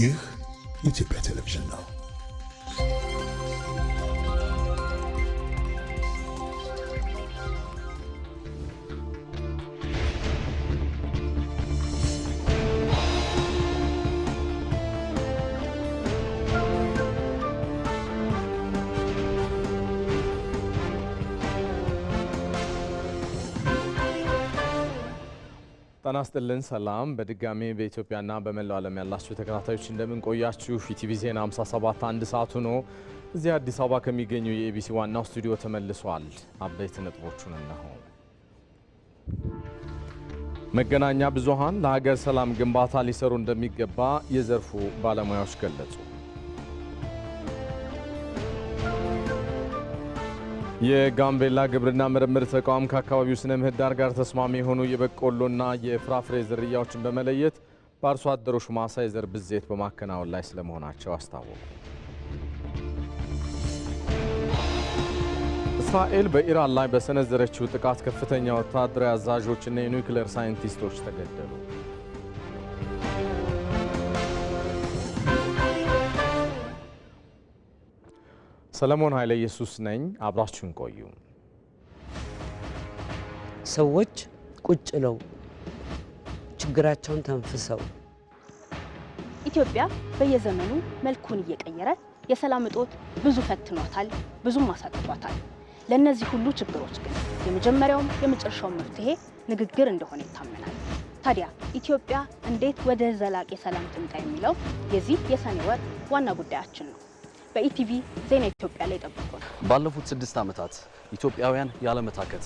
ይህ ኢትዮጵያ ቴሌቪዥን ነው። ጤና ይስጥልን ሰላም። በድጋሚ በኢትዮጵያና በመላው ዓለም ያላችሁ ተከታታዮች እንደምን ቆያችሁ? ኢቲቪ ዜና 57 አንድ ሰዓት ሆኖ እዚህ አዲስ አበባ ከሚገኙ የኤቢሲ ዋናው ስቱዲዮ ተመልሷል። አበይት ነጥቦቹን እነሆ። መገናኛ ብዙሃን ለሀገር ሰላም ግንባታ ሊሰሩ እንደሚገባ የዘርፉ ባለሙያዎች ገለጹ። የጋምቤላ ግብርና ምርምር ተቋም ከአካባቢው ስነ ምህዳር ጋር ተስማሚ የሆኑ የበቆሎና የፍራፍሬ ዝርያዎችን በመለየት በአርሶ አደሮች ማሳ የዘር ብዜት በማከናወን ላይ ስለመሆናቸው አስታወቁ። እስራኤል በኢራን ላይ በሰነዘረችው ጥቃት ከፍተኛ ወታደራዊ አዛዦችና የኒውክሌር ሳይንቲስቶች ተገደሉ። ሰለሞን ኃይለ ኢየሱስ ነኝ። አብራችሁን ቆዩ። ሰዎች ቁጭ ለው ችግራቸውን ተንፍሰው ኢትዮጵያ በየዘመኑ መልኩን እየቀየረ የሰላም እጦት ብዙ ፈትኗታል፣ ብዙም አሳጥቷታል። ለእነዚህ ሁሉ ችግሮች ግን የመጀመሪያውም የመጨረሻውን መፍትሄ ንግግር እንደሆነ ይታመናል። ታዲያ ኢትዮጵያ እንዴት ወደ ዘላቂ ሰላም ትምጣ የሚለው የዚህ የሰኔ ወር ዋና ጉዳያችን ነው። በኢቲቪ ዜና ኢትዮጵያ ላይ ጠብቁ። ባለፉት ስድስት ዓመታት ኢትዮጵያውያን ያለመታከት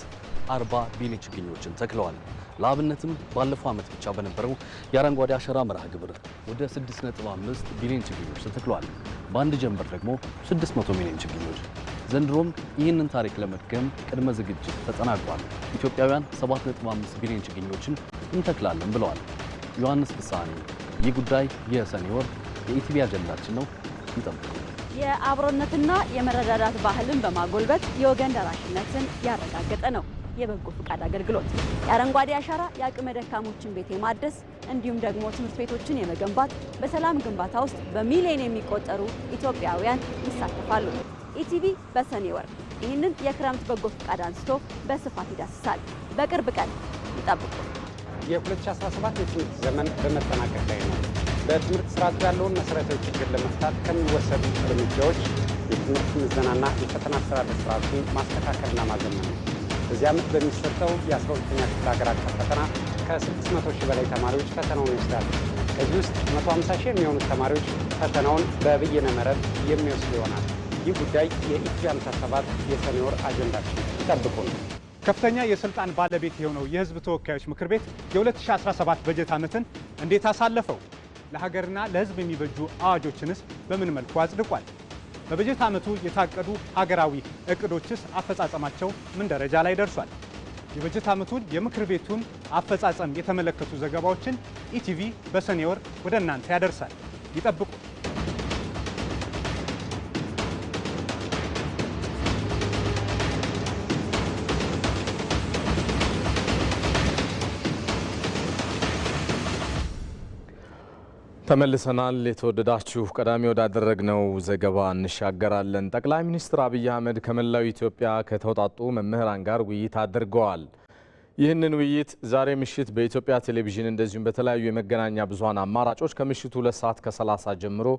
አርባ ቢሊዮን ችግኞችን ተክለዋል። ለአብነትም ባለፈው ዓመት ብቻ በነበረው የአረንጓዴ አሻራ መርሃ ግብር ወደ 6.5 ቢሊዮን ችግኞች ተተክለዋል። በአንድ ጀንበር ደግሞ 600 ሚሊዮን ችግኞች። ዘንድሮም ይህንን ታሪክ ለመድገም ቅድመ ዝግጅት ተጠናቋል። ኢትዮጵያውያን 7.5 ቢሊዮን ችግኞችን እንተክላለን ብለዋል። ዮሐንስ ፍሳኔ። ይህ ጉዳይ የሰኔ ወር የኢቲቪ አጀንዳችን ነው። ይጠብቁ። የአብሮነትና የመረዳዳት ባህልን በማጎልበት የወገን ደራሽነትን ያረጋገጠ ነው የበጎ ፍቃድ አገልግሎት። የአረንጓዴ አሻራ የአቅመ ደካሞችን ቤት የማደስ እንዲሁም ደግሞ ትምህርት ቤቶችን የመገንባት በሰላም ግንባታ ውስጥ በሚሊዮን የሚቆጠሩ ኢትዮጵያውያን ይሳተፋሉ። ኢቲቪ በሰኔ ወር ይህንን የክረምት በጎ ፍቃድ አንስቶ በስፋት ይዳስሳል። በቅርብ ቀን ይጠብቁ። የ2017 የትምህርት ዘመን በመጠናቀቅ ላይ ነው። በትምህርት ስርዓቱ ያለውን መሰረታዊ ችግር ለመፍታት ከሚወሰዱ እርምጃዎች የትምህርት ምዘናና የፈተና አስተዳደር ስርዓቱን ማስተካከልና ማዘመን ነው። በዚህ ዓመት በሚሰጠው የ12ኛ ክፍል ሀገር አቀፍ ፈተና ከ600 ሺህ በላይ ተማሪዎች ፈተናውን ይወስዳሉ። ከዚህ ውስጥ 150 ሺህ የሚሆኑት ተማሪዎች ፈተናውን በብይነ መረብ የሚወስዱ ይሆናል። ይህ ጉዳይ የኢትዮጵያ 57 የሰኔ ወር አጀንዳችን ይጠብቁ ነው። ከፍተኛ የስልጣን ባለቤት የሆነው የህዝብ ተወካዮች ምክር ቤት የ2017 በጀት ዓመትን እንዴት አሳለፈው? ለሀገርና ለሕዝብ የሚበጁ አዋጆችንስ በምን መልኩ አጽድቋል? በበጀት ዓመቱ የታቀዱ ሀገራዊ እቅዶችስ አፈጻጸማቸው ምን ደረጃ ላይ ደርሷል? የበጀት ዓመቱን የምክር ቤቱን አፈጻጸም የተመለከቱ ዘገባዎችን ኢቲቪ በሰኔ ወር ወደ እናንተ ያደርሳል። ይጠብቁ። ተመልሰናል። የተወደዳችሁ ቀዳሚ ወዳደረግነው ዘገባ እንሻገራለን። ጠቅላይ ሚኒስትር አብይ አህመድ ከመላው ኢትዮጵያ ከተውጣጡ መምህራን ጋር ውይይት አድርገዋል። ይህንን ውይይት ዛሬ ምሽት በኢትዮጵያ ቴሌቪዥን እንደዚሁም በተለያዩ የመገናኛ ብዙሀን አማራጮች ከምሽቱ ሁለት ሰዓት ከሰላሳ ጀምሮ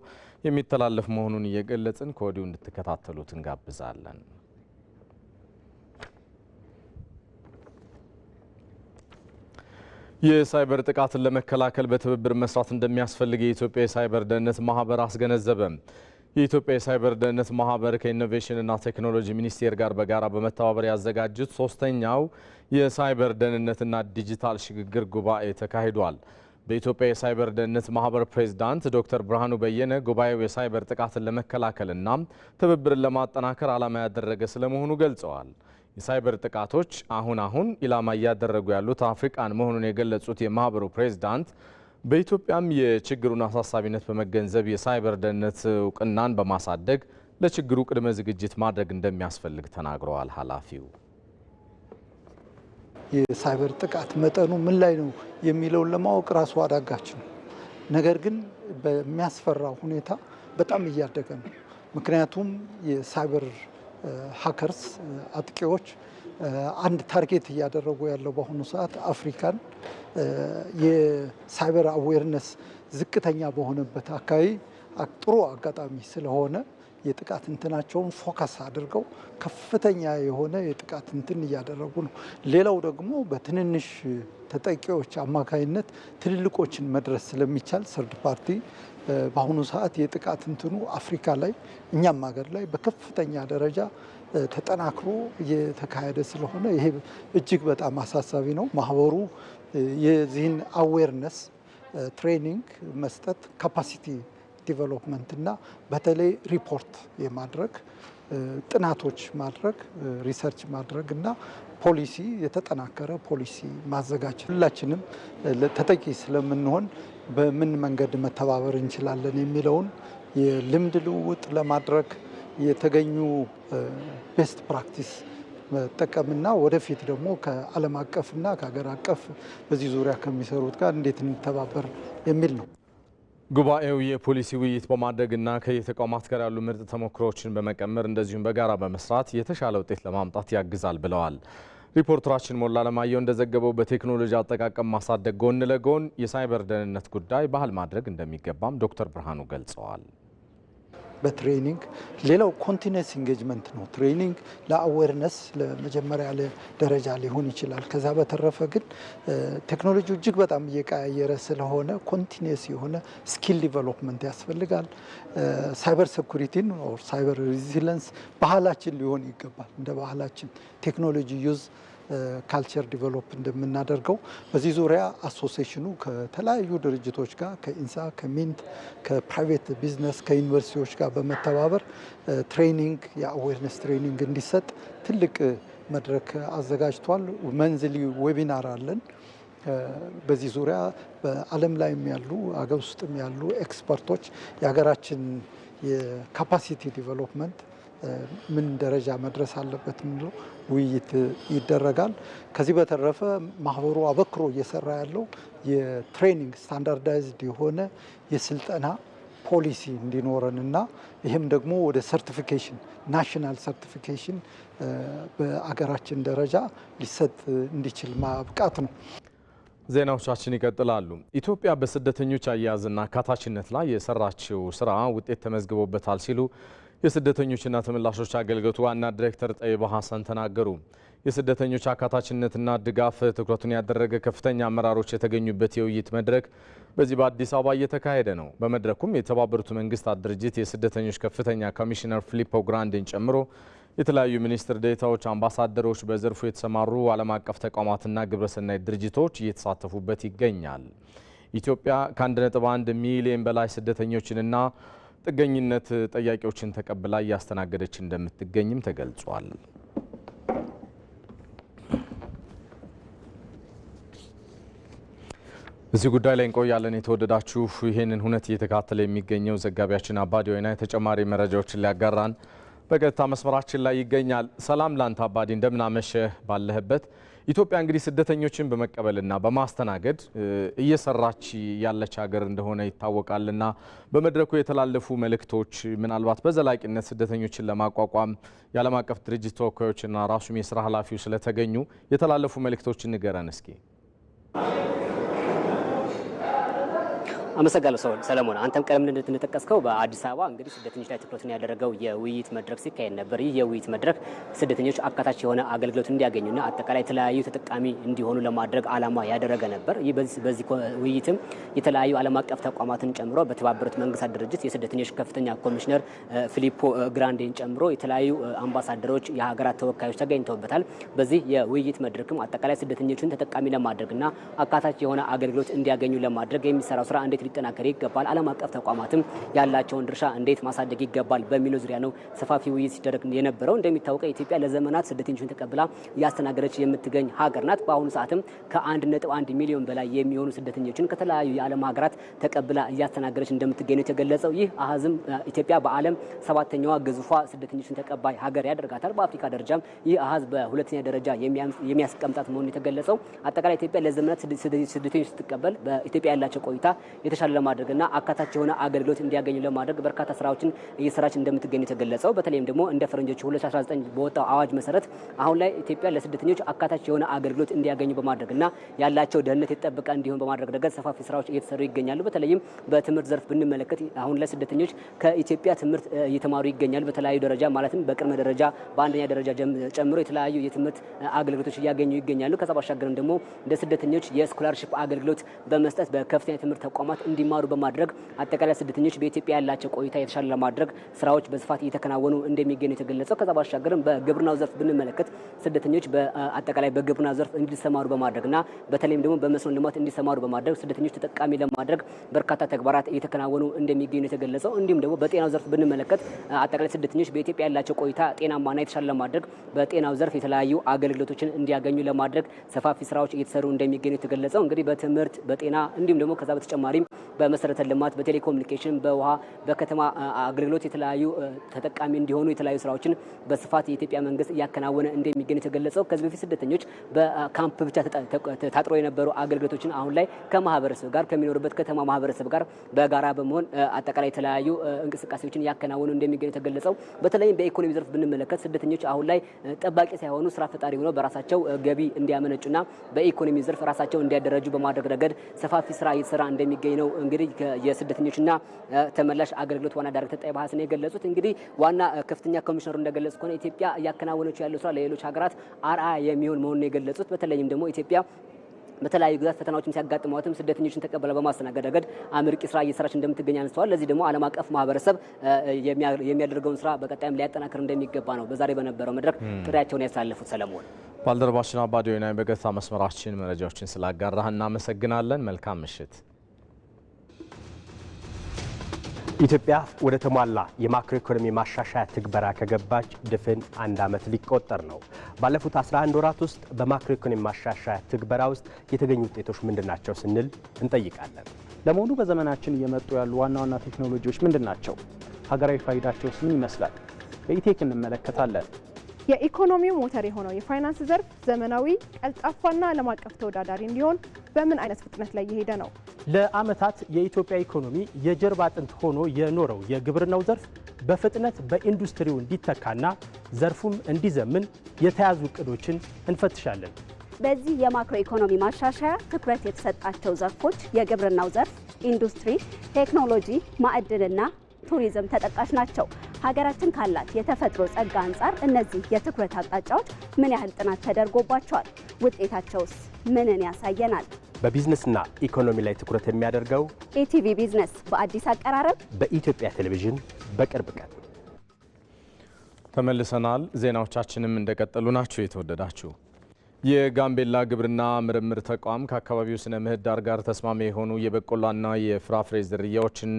የሚተላለፍ መሆኑን እየገለጽን ከወዲሁ እንድትከታተሉት እንጋብዛለን። የሳይበር ጥቃትን ለመከላከል በትብብር መስራት እንደሚያስፈልግ የኢትዮጵያ የሳይበር ደህንነት ማህበር አስገነዘበ። የኢትዮጵያ የሳይበር ደህንነት ማህበር ከኢኖቬሽንና ቴክኖሎጂ ሚኒስቴር ጋር በጋራ በመተባበር ያዘጋጁት ሶስተኛው የሳይበር ደህንነትና ዲጂታል ሽግግር ጉባኤ ተካሂዷል። በኢትዮጵያ የሳይበር ደህንነት ማህበር ፕሬዚዳንት ዶክተር ብርሃኑ በየነ ጉባኤው የሳይበር ጥቃትን ለመከላከልና ትብብርን ለማጠናከር ዓላማ ያደረገ ስለመሆኑ ገልጸዋል። የሳይበር ጥቃቶች አሁን አሁን ኢላማ እያደረጉ ያሉት አፍሪቃን መሆኑን የገለጹት የማህበሩ ፕሬዚዳንት በኢትዮጵያም የችግሩን አሳሳቢነት በመገንዘብ የሳይበር ደህንነት እውቅናን በማሳደግ ለችግሩ ቅድመ ዝግጅት ማድረግ እንደሚያስፈልግ ተናግረዋል። ኃላፊው የሳይበር ጥቃት መጠኑ ምን ላይ ነው የሚለውን ለማወቅ ራሱ አዳጋች ነው። ነገር ግን በሚያስፈራው ሁኔታ በጣም እያደገ ነው። ምክንያቱም የሳይበር ሀከርስ አጥቂዎች አንድ ታርጌት እያደረጉ ያለው በአሁኑ ሰዓት አፍሪካን የሳይበር አዌርነስ ዝቅተኛ በሆነበት አካባቢ ጥሩ አጋጣሚ ስለሆነ የጥቃት እንትናቸውን ፎከስ አድርገው ከፍተኛ የሆነ የጥቃት እንትን እያደረጉ ነው። ሌላው ደግሞ በትንንሽ ተጠቂዎች አማካኝነት ትልልቆችን መድረስ ስለሚቻል ሰርድ ፓርቲ በአሁኑ ሰዓት የጥቃት እንትኑ አፍሪካ ላይ እኛም ሀገር ላይ በከፍተኛ ደረጃ ተጠናክሮ እየተካሄደ ስለሆነ ይሄ እጅግ በጣም አሳሳቢ ነው። ማህበሩ የዚህን አዌርነስ ትሬኒንግ መስጠት ካፓሲቲ ዲቨሎፕመንት እና በተለይ ሪፖርት የማድረግ ጥናቶች ማድረግ ሪሰርች ማድረግ እና ፖሊሲ የተጠናከረ ፖሊሲ ማዘጋጀት ሁላችንም ተጠቂ ስለምንሆን በምን መንገድ መተባበር እንችላለን የሚለውን የልምድ ልውውጥ ለማድረግ የተገኙ ቤስት ፕራክቲስ መጠቀምና ወደፊት ደግሞ ከዓለም አቀፍና ከሀገር አቀፍ በዚህ ዙሪያ ከሚሰሩት ጋር እንዴት እንተባበር የሚል ነው። ጉባኤው የፖሊሲ ውይይት በማድረግና ከየተቋማት ጋር ያሉ ምርጥ ተሞክሮዎችን በመቀመር እንደዚሁም በጋራ በመስራት የተሻለ ውጤት ለማምጣት ያግዛል ብለዋል። ሪፖርተራችን ሞላ ለማየው እንደዘገበው በቴክኖሎጂ አጠቃቀም ማሳደግ ጎን ለጎን የሳይበር ደህንነት ጉዳይ ባህል ማድረግ እንደሚገባም ዶክተር ብርሃኑ ገልጸዋል። በትሬኒንግ ሌላው ኮንቲነስ ኢንጌጅመንት ነው። ትሬኒንግ ለአዌርነስ ለመጀመሪያ ደረጃ ሊሆን ይችላል። ከዛ በተረፈ ግን ቴክኖሎጂ እጅግ በጣም እየቀያየረ ስለሆነ ኮንቲነስ የሆነ ስኪል ዲቨሎፕመንት ያስፈልጋል። ሳይበር ሴኩሪቲን ኦር ሳይበር ሬዚለንስ ባህላችን ሊሆን ይገባል። እንደ ባህላችን ቴክኖሎጂ ዩዝ ካልቸር ዲቨሎፕ እንደምናደርገው በዚህ ዙሪያ አሶሴሽኑ ከተለያዩ ድርጅቶች ጋር ከኢንሳ፣ ከሚንት፣ ከፕራይቬት ቢዝነስ፣ ከዩኒቨርሲቲዎች ጋር በመተባበር ትሬኒንግ የአዌርነስ ትሬኒንግ እንዲሰጥ ትልቅ መድረክ አዘጋጅቷል። መንዝሊ ዌቢናር አለን። በዚህ ዙሪያ በዓለም ላይም ያሉ አገር ውስጥም ያሉ ኤክስፐርቶች የሀገራችን የካፓሲቲ ዲቨሎፕመንት ምን ደረጃ መድረስ አለበት የሚለው ውይይት ይደረጋል። ከዚህ በተረፈ ማህበሩ አበክሮ እየሰራ ያለው የትሬኒንግ ስታንዳርዳይዝድ የሆነ የስልጠና ፖሊሲ እንዲኖረን እና ይህም ደግሞ ወደ ሰርቲፊኬሽን ናሽናል ሰርቲፊኬሽን በአገራችን ደረጃ ሊሰጥ እንዲችል ማብቃት ነው። ዜናዎቻችን ይቀጥላሉ። ኢትዮጵያ በስደተኞች አያያዝና አካታችነት ላይ የሰራችው ስራ ውጤት ተመዝግቦበታል ሲሉ የስደተኞችና ተመላሾች አገልግሎት ዋና ዲሬክተር ጠይባ ሀሰን ተናገሩ። የስደተኞች አካታችነትና ድጋፍ ትኩረቱን ያደረገ ከፍተኛ አመራሮች የተገኙበት የውይይት መድረክ በዚህ በአዲስ አበባ እየተካሄደ ነው። በመድረኩም የተባበሩት መንግስታት ድርጅት የስደተኞች ከፍተኛ ኮሚሽነር ፊሊፖ ግራንድን ጨምሮ የተለያዩ ሚኒስትር ዴታዎች፣ አምባሳደሮች፣ በዘርፉ የተሰማሩ ዓለም አቀፍ ተቋማትና ግብረሰናይ ድርጅቶች እየተሳተፉበት ይገኛል። ኢትዮጵያ ከ1.1 ሚሊዮን በላይ ስደተኞችንና ጥገኝነት ጠያቂዎችን ተቀብላ እያስተናገደች እንደምትገኝም ተገልጿል። እዚህ ጉዳይ ላይ እንቆያለን። የተወደዳችሁ ይህንን ሁነት እየተከታተለ የሚገኘው ዘጋቢያችን አባዲ ወይና የተጨማሪ መረጃዎችን ሊያጋራን በቀጥታ መስመራችን ላይ ይገኛል። ሰላም ላንተ አባዲ፣ እንደምናመሸህ ባለህበት ኢትዮጵያ እንግዲህ ስደተኞችን በመቀበልና በማስተናገድ እየሰራች ያለች ሀገር እንደሆነ ይታወቃልና በመድረኩ የተላለፉ መልእክቶች ምናልባት በዘላቂነት ስደተኞችን ለማቋቋም የዓለም አቀፍ ድርጅት ተወካዮችና ራሱም የስራ ኃላፊው ስለተገኙ የተላለፉ መልእክቶችን ንገረን እስኪ። አመሰግናለሁ ሰለሞን። አንተም ቀደም እንደተጠቀስከው በአዲስ አበባ እንግዲህ ስደተኞች ላይ ትኩረትን ያደረገው የውይይት መድረክ ሲካሄድ ነበር። ይህ የውይይት መድረክ ስደተኞች አካታች የሆነ አገልግሎት እንዲያገኙና አጠቃላይ የተለያዩ ተጠቃሚ እንዲሆኑ ለማድረግ ዓላማ ያደረገ ነበር። ይህ በዚህ ውይይትም የተለያዩ ዓለም አቀፍ ተቋማትን ጨምሮ በተባበሩት መንግስታት ድርጅት የስደተኞች ከፍተኛ ኮሚሽነር ፊሊፖ ግራንዴን ጨምሮ የተለያዩ አምባሳደሮች፣ የሀገራት ተወካዮች ተገኝተውበታል። በዚህ የውይይት መድረክም አጠቃላይ ስደተኞችን ተጠቃሚ ለማድረግና አካታች የሆነ አገልግሎት እንዲያገኙ ለማድረግ የሚሰራው ስራ እንዴት ሊጠናከር ይገባል፣ ዓለም አቀፍ ተቋማትም ያላቸውን ድርሻ እንዴት ማሳደግ ይገባል በሚለው ዙሪያ ነው ሰፋፊ ውይይት ሲደረግ የነበረው። እንደሚታወቀው ኢትዮጵያ ለዘመናት ስደተኞችን ተቀብላ እያስተናገደች የምትገኝ ሀገር ናት። በአሁኑ ሰዓትም ከ1.1 ሚሊዮን በላይ የሚሆኑ ስደተኞችን ከተለያዩ የዓለም ሀገራት ተቀብላ እያስተናገደች እንደምትገኝ ነው የተገለጸው። ይህ አሀዝም ኢትዮጵያ በዓለም ሰባተኛዋ ግዙፏ ስደተኞችን ተቀባይ ሀገር ያደርጋታል። በአፍሪካ ደረጃም ይህ አሀዝ በሁለተኛ ደረጃ የሚያስቀምጣት መሆኑ የተገለጸው አጠቃላይ ኢትዮጵያ ለዘመናት ስደተኞች ስትቀበል በኢትዮጵያ ያላቸው ቆይታ የተሻለ ለማድረግና አካታች የሆነ አገልግሎት እንዲያገኙ ለማድረግ በርካታ ስራዎችን እየሰራች እንደምትገኝ የተገለጸው በተለይም ደግሞ እንደ ፈረንጆቹ 2019 በወጣው አዋጅ መሰረት አሁን ላይ ኢትዮጵያ ለስደተኞች አካታች የሆነ አገልግሎት እንዲያገኙ በማድረግና ያላቸው ደህንነት የተጠበቀ እንዲሆን በማድረግ ረገድ ሰፋፊ ስራዎች እየተሰሩ ይገኛሉ። በተለይም በትምህርት ዘርፍ ብንመለከት አሁን ላይ ስደተኞች ከኢትዮጵያ ትምህርት እየተማሩ ይገኛሉ። በተለያዩ ደረጃ ማለትም በቅድመ ደረጃ፣ በአንደኛ ደረጃ ጨምሮ የተለያዩ የትምህርት አገልግሎቶች እያገኙ ይገኛሉ። ከዛ ባሻገርም ደግሞ እንደ ስደተኞች የስኮላርሽፕ አገልግሎት በመስጠት በከፍተኛ የትምህርት ተቋማት ህጻናት እንዲማሩ በማድረግ አጠቃላይ ስደተኞች በኢትዮጵያ ያላቸው ቆይታ የተሻለ ለማድረግ ስራዎች በስፋት እየተከናወኑ እንደሚገኙ የተገለጸው። ከዛ ባሻገርም በግብርናው ዘርፍ ብንመለከት ስደተኞች አጠቃላይ በግብርና ዘርፍ እንዲሰማሩ በማድረግና በተለይም ደግሞ በመስኖ ልማት እንዲሰማሩ በማድረግ ስደተኞች ተጠቃሚ ለማድረግ በርካታ ተግባራት እየተከናወኑ እንደሚገኙ የተገለጸው። እንዲሁም ደግሞ በጤናው ዘርፍ ብንመለከት አጠቃላይ ስደተኞች በኢትዮጵያ ያላቸው ቆይታ ጤናማና የተሻለ ለማድረግ በጤናው ዘርፍ የተለያዩ አገልግሎቶችን እንዲያገኙ ለማድረግ ሰፋፊ ስራዎች እየተሰሩ እንደሚገኙ የተገለጸው። እንግዲህ በትምህርት በጤና እንዲሁም ደግሞ ከዛ በተጨማሪም በመሰረተ ልማት፣ በቴሌኮሙኒኬሽን፣ በውሃ፣ በከተማ አገልግሎት የተለያዩ ተጠቃሚ እንዲሆኑ የተለያዩ ስራዎችን በስፋት የኢትዮጵያ መንግስት እያከናወነ እንደሚገኝ የተገለጸው። ከዚህ በፊት ስደተኞች በካምፕ ብቻ ታጥሮ የነበሩ አገልግሎቶችን አሁን ላይ ከማህበረሰብ ጋር ከሚኖሩበት ከተማ ማህበረሰብ ጋር በጋራ በመሆን አጠቃላይ የተለያዩ እንቅስቃሴዎችን እያከናወኑ እንደሚገኙ የተገለጸው። በተለይም በኢኮኖሚ ዘርፍ ብንመለከት ስደተኞች አሁን ላይ ጠባቂ ሳይሆኑ ስራ ፈጣሪ ሆነው በራሳቸው ገቢ እንዲያመነጩና በኢኮኖሚ ዘርፍ ራሳቸው እንዲያደረጁ በማድረግ ረገድ ሰፋፊ ስራ እየተሰራ እንደሚገኝ ነው እንግዲህ የስደተኞችና ተመላሽ አገልግሎት ዋና ዳይሬክተር ጣይ ባህስን የገለጹት። እንግዲህ ዋና ከፍተኛ ኮሚሽነሩ እንደገለጹ ከሆነ ኢትዮጵያ እያከናወነችው ያለው ስራ ለሌሎች ሀገራት አርአያ የሚሆን መሆኑን የገለጹት በተለይም ደግሞ ኢትዮጵያ በተለያዩ ግዛት ፈተናዎችም ሲያጋጥሟትም ስደተኞችን ተቀበለ በማስተናገድ ረገድ አምርቂ ስራ እየሰራች እንደምትገኝ አንስተዋል። ለዚህ ደግሞ ዓለም አቀፍ ማህበረሰብ የሚያደርገውን ስራ በቀጣይም ሊያጠናክር እንደሚገባ ነው በዛሬ በነበረው መድረክ ጥሪያቸውን ያሳለፉት። ሰለሞን ባልደረባችን አባዲዮናይ በገታ መስመራችን መረጃዎችን ስላጋራህ እናመሰግናለን። መልካም ምሽት። ኢትዮጵያ ወደ ተሟላ የማክሮ ኢኮኖሚ ማሻሻያ ትግበራ ከገባች ድፍን አንድ ዓመት ሊቆጠር ነው። ባለፉት 11 ወራት ውስጥ በማክሮ ኢኮኖሚ ማሻሻያ ትግበራ ውስጥ የተገኙ ውጤቶች ምንድን ናቸው ስንል እንጠይቃለን። ለመሆኑ በዘመናችን እየመጡ ያሉ ዋና ዋና ቴክኖሎጂዎች ምንድን ናቸው? ሀገራዊ ፋይዳቸውስ ምን ይመስላል? በኢቴክ እንመለከታለን። የኢኮኖሚው ሞተር የሆነው የፋይናንስ ዘርፍ ዘመናዊ፣ ቀልጣፋና ዓለም አቀፍ ተወዳዳሪ እንዲሆን በምን አይነት ፍጥነት ላይ እየሄደ ነው? ለአመታት የኢትዮጵያ ኢኮኖሚ የጀርባ አጥንት ሆኖ የኖረው የግብርናው ዘርፍ በፍጥነት በኢንዱስትሪው እንዲተካና ዘርፉም እንዲዘምን የተያዙ እቅዶችን እንፈትሻለን። በዚህ የማክሮ ኢኮኖሚ ማሻሻያ ትኩረት የተሰጣቸው ዘርፎች የግብርናው ዘርፍ፣ ኢንዱስትሪ፣ ቴክኖሎጂ፣ ማዕድንና ቱሪዝም ተጠቃሽ ናቸው። ሀገራችን ካላት የተፈጥሮ ጸጋ አንጻር እነዚህ የትኩረት አቅጣጫዎች ምን ያህል ጥናት ተደርጎባቸዋል? ውጤታቸውስ ምንን ያሳየናል? በቢዝነስና ኢኮኖሚ ላይ ትኩረት የሚያደርገው ኢቲቪ ቢዝነስ በአዲስ አቀራረብ በኢትዮጵያ ቴሌቪዥን በቅርብ ቀን ተመልሰናል። ዜናዎቻችንም እንደቀጠሉ ናቸው። የተወደዳችሁ የጋምቤላ ግብርና ምርምር ተቋም ከአካባቢው ስነ ምህዳር ጋር ተስማሚ የሆኑ የበቆላና የፍራፍሬ ዝርያዎችን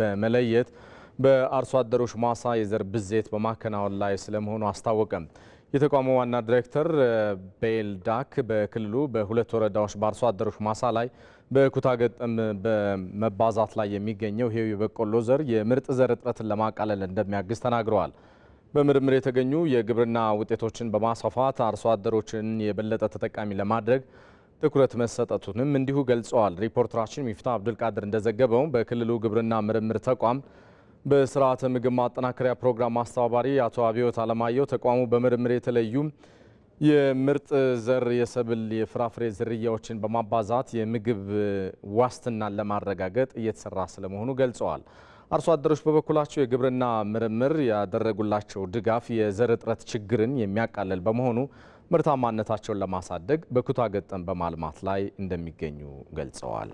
በመለየት በአርሶ አደሮች ማሳ የዘር ብዜት በማከናወን ላይ ስለመሆኑ አስታወቀም የተቋሙ ዋና ዲሬክተር ቤልዳክ በክልሉ በሁለት ወረዳዎች በአርሶ አደሮች ማሳ ላይ በኩታ ገጠም በመባዛት ላይ የሚገኘው ይሄው የበቆሎ ዘር የምርጥ ዘር እጥረትን ለማቃለል እንደሚያግዝ ተናግረዋል። በምርምር የተገኙ የግብርና ውጤቶችን በማስፋፋት አርሶ አደሮችን የበለጠ ተጠቃሚ ለማድረግ ትኩረት መሰጠቱንም እንዲሁ ገልጸዋል። ሪፖርተራችን ሚፍታ አብዱልቃድር እንደዘገበው በክልሉ ግብርና ምርምር ተቋም በስርዓተ ምግብ ማጠናከሪያ ፕሮግራም አስተባባሪ አቶ አብዮት አለማየሁ ተቋሙ በምርምር የተለዩ የምርጥ ዘር የሰብል የፍራፍሬ ዝርያዎችን በማባዛት የምግብ ዋስትናን ለማረጋገጥ እየተሰራ ስለመሆኑ ገልጸዋል። አርሶ አደሮች በበኩላቸው የግብርና ምርምር ያደረጉላቸው ድጋፍ የዘር እጥረት ችግርን የሚያቃለል በመሆኑ ምርታማነታቸውን ለማሳደግ በኩታ ገጠም በማልማት ላይ እንደሚገኙ ገልጸዋል።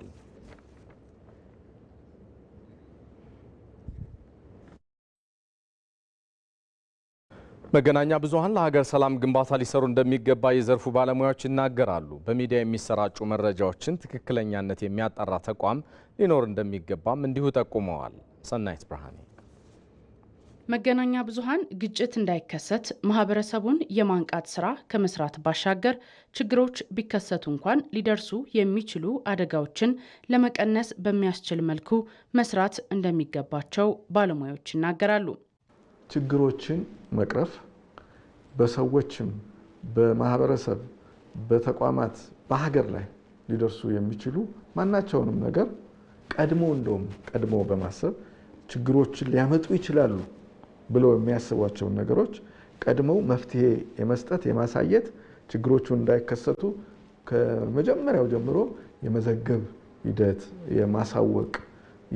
መገናኛ ብዙኃን ለሀገር ሰላም ግንባታ ሊሰሩ እንደሚገባ የዘርፉ ባለሙያዎች ይናገራሉ። በሚዲያ የሚሰራጩ መረጃዎችን ትክክለኛነት የሚያጠራ ተቋም ሊኖር እንደሚገባም እንዲሁ ጠቁመዋል። ሰናይት ብርሃኔ መገናኛ ብዙኃን ግጭት እንዳይከሰት ማህበረሰቡን የማንቃት ስራ ከመስራት ባሻገር ችግሮች ቢከሰቱ እንኳን ሊደርሱ የሚችሉ አደጋዎችን ለመቀነስ በሚያስችል መልኩ መስራት እንደሚገባቸው ባለሙያዎች ይናገራሉ። ችግሮችን መቅረፍ በሰዎችም በማህበረሰብ በተቋማት በሀገር ላይ ሊደርሱ የሚችሉ ማናቸውንም ነገር ቀድሞ እንደውም ቀድሞ በማሰብ ችግሮችን ሊያመጡ ይችላሉ ብለው የሚያስቧቸውን ነገሮች ቀድሞ መፍትሄ የመስጠት የማሳየት ችግሮቹን እንዳይከሰቱ ከመጀመሪያው ጀምሮ የመዘገብ ሂደት የማሳወቅ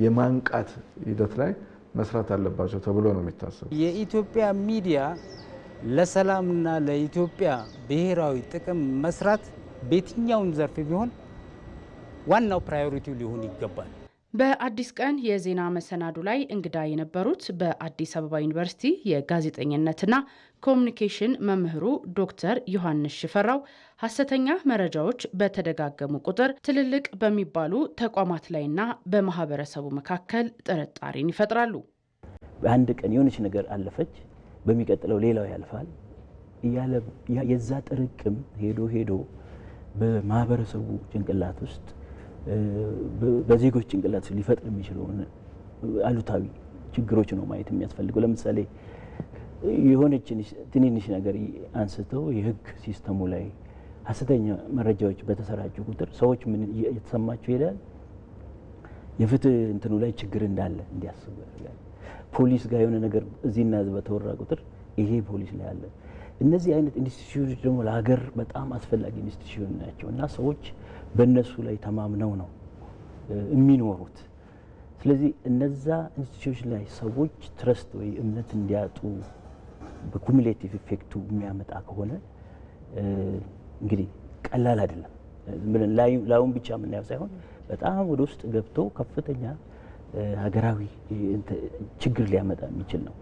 የማንቃት ሂደት ላይ መስራት አለባቸው ተብሎ ነው የሚታሰቡ። የኢትዮጵያ ሚዲያ ለሰላምና ለኢትዮጵያ ብሔራዊ ጥቅም መስራት በየትኛውም ዘርፍ ቢሆን ዋናው ፕራዮሪቲው ሊሆን ይገባል። በአዲስ ቀን የዜና መሰናዱ ላይ እንግዳ የነበሩት በአዲስ አበባ ዩኒቨርሲቲ የጋዜጠኝነትና ኮሚኒኬሽን መምህሩ ዶክተር ዮሐንስ ሽፈራው ሐሰተኛ መረጃዎች በተደጋገሙ ቁጥር ትልልቅ በሚባሉ ተቋማት ላይና በማህበረሰቡ መካከል ጥርጣሬን ይፈጥራሉ። በአንድ ቀን የሆነች ነገር አለፈች፣ በሚቀጥለው ሌላው ያልፋል እያለ የዛ ጥርቅም ሄዶ ሄዶ በማህበረሰቡ ጭንቅላት ውስጥ በዜጎች ጭንቅላት ሊፈጥር የሚችለውን አሉታዊ ችግሮች ነው ማየት የሚያስፈልገው። ለምሳሌ የሆነች ትንንሽ ነገር አንስተው የህግ ሲስተሙ ላይ ሀሰተኛ መረጃዎች በተሰራጩ ቁጥር ሰዎች ምን እየተሰማቸው ይሄዳል። የፍትህ እንትኑ ላይ ችግር እንዳለ እንዲያስቡ ያደርጋል። ፖሊስ ጋር የሆነ ነገር እዚህና በተወራ ቁጥር ይሄ ፖሊስ ላይ አለ። እነዚህ አይነት ኢንስቲትዩቶች ደግሞ ለሀገር በጣም አስፈላጊ ኢንስቲትዩት ናቸው እና ሰዎች በእነሱ ላይ ተማምነው ነው የሚኖሩት። ስለዚህ እነዛ ኢንስቲትዩሽን ላይ ሰዎች ትረስት ወይ እምነት እንዲያጡ በኩሙሌቲቭ ኢፌክቱ የሚያመጣ ከሆነ እንግዲህ ቀላል አይደለም። ላዩን ብቻ የምናየው ሳይሆን በጣም ወደ ውስጥ ገብቶ ከፍተኛ ሀገራዊ ችግር ሊያመጣ የሚችል ነው።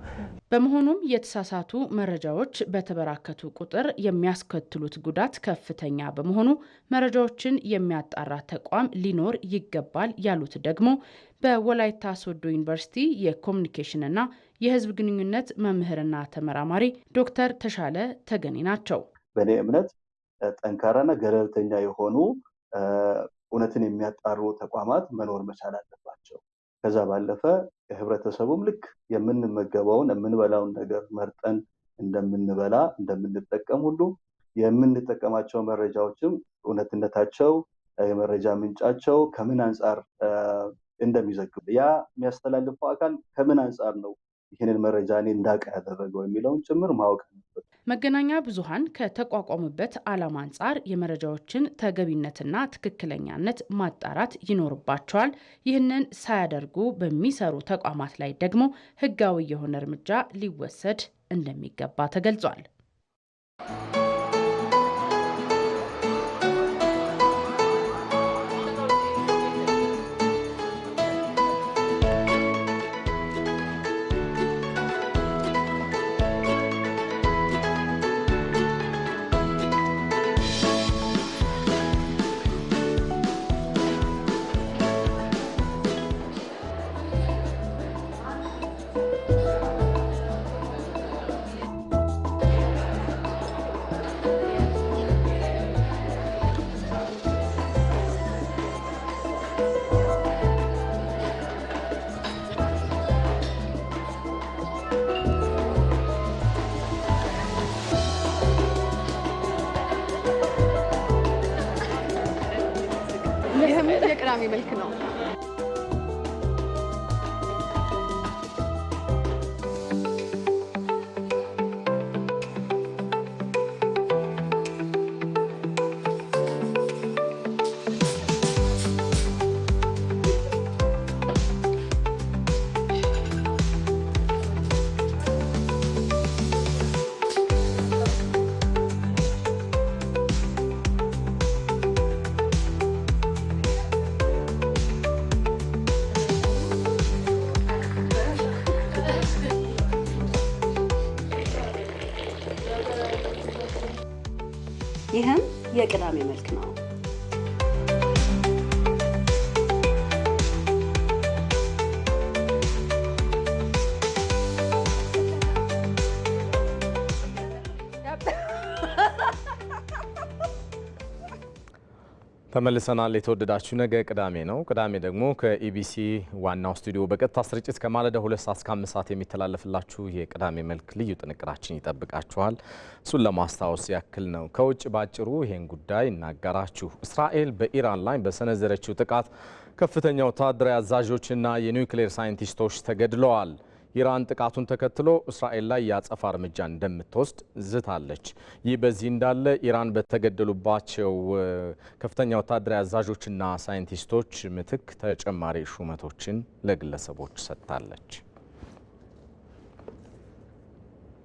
በመሆኑም የተሳሳቱ መረጃዎች በተበራከቱ ቁጥር የሚያስከትሉት ጉዳት ከፍተኛ በመሆኑ መረጃዎችን የሚያጣራ ተቋም ሊኖር ይገባል ያሉት ደግሞ በወላይታ ሶዶ ዩኒቨርሲቲ የኮሚኒኬሽንና የሕዝብ ግንኙነት መምህርና ተመራማሪ ዶክተር ተሻለ ተገኔ ናቸው። በእኔ እምነት ጠንካራና ገለልተኛ የሆኑ እውነትን የሚያጣሩ ተቋማት መኖር መቻል አለባቸው። ከዛ ባለፈ ህብረተሰቡም ልክ የምንመገበውን የምንበላውን ነገር መርጠን እንደምንበላ እንደምንጠቀም ሁሉ የምንጠቀማቸው መረጃዎችም እውነትነታቸው የመረጃ ምንጫቸው ከምን አንጻር እንደሚዘግቡ ያ የሚያስተላልፈው አካል ከምን አንጻር ነው ይህንን መረጃ እኔ እንዳውቅ ያደረገው የሚለውን ጭምር ማወቅ መገናኛ ብዙኃን ከተቋቋሙበት ዓላማ አንጻር የመረጃዎችን ተገቢነትና ትክክለኛነት ማጣራት ይኖርባቸዋል። ይህንን ሳያደርጉ በሚሰሩ ተቋማት ላይ ደግሞ ሕጋዊ የሆነ እርምጃ ሊወሰድ እንደሚገባ ተገልጿል። ተመልሰናል። የተወደዳችሁ ነገ ቅዳሜ ነው። ቅዳሜ ደግሞ ከኢቢሲ ዋናው ስቱዲዮ በቀጥታ ስርጭት ከማለዳ ሁለት ሰዓት እስከ አምስት ሰዓት የሚተላለፍላችሁ የቅዳሜ መልክ ልዩ ጥንቅራችን ይጠብቃችኋል። እሱን ለማስታወስ ያክል ነው። ከውጭ ባጭሩ ይህን ጉዳይ እናጋራችሁ። እስራኤል በኢራን ላይ በሰነዘረችው ጥቃት ከፍተኛ ወታደራዊ አዛዦችና የኒውክሌር ሳይንቲስቶች ተገድለዋል። ኢራን ጥቃቱን ተከትሎ እስራኤል ላይ የአጸፋ እርምጃ እንደምትወስድ ዝታለች። ይህ በዚህ እንዳለ ኢራን በተገደሉባቸው ከፍተኛ ወታደራዊ አዛዦችና ሳይንቲስቶች ምትክ ተጨማሪ ሹመቶችን ለግለሰቦች ሰጥታለች።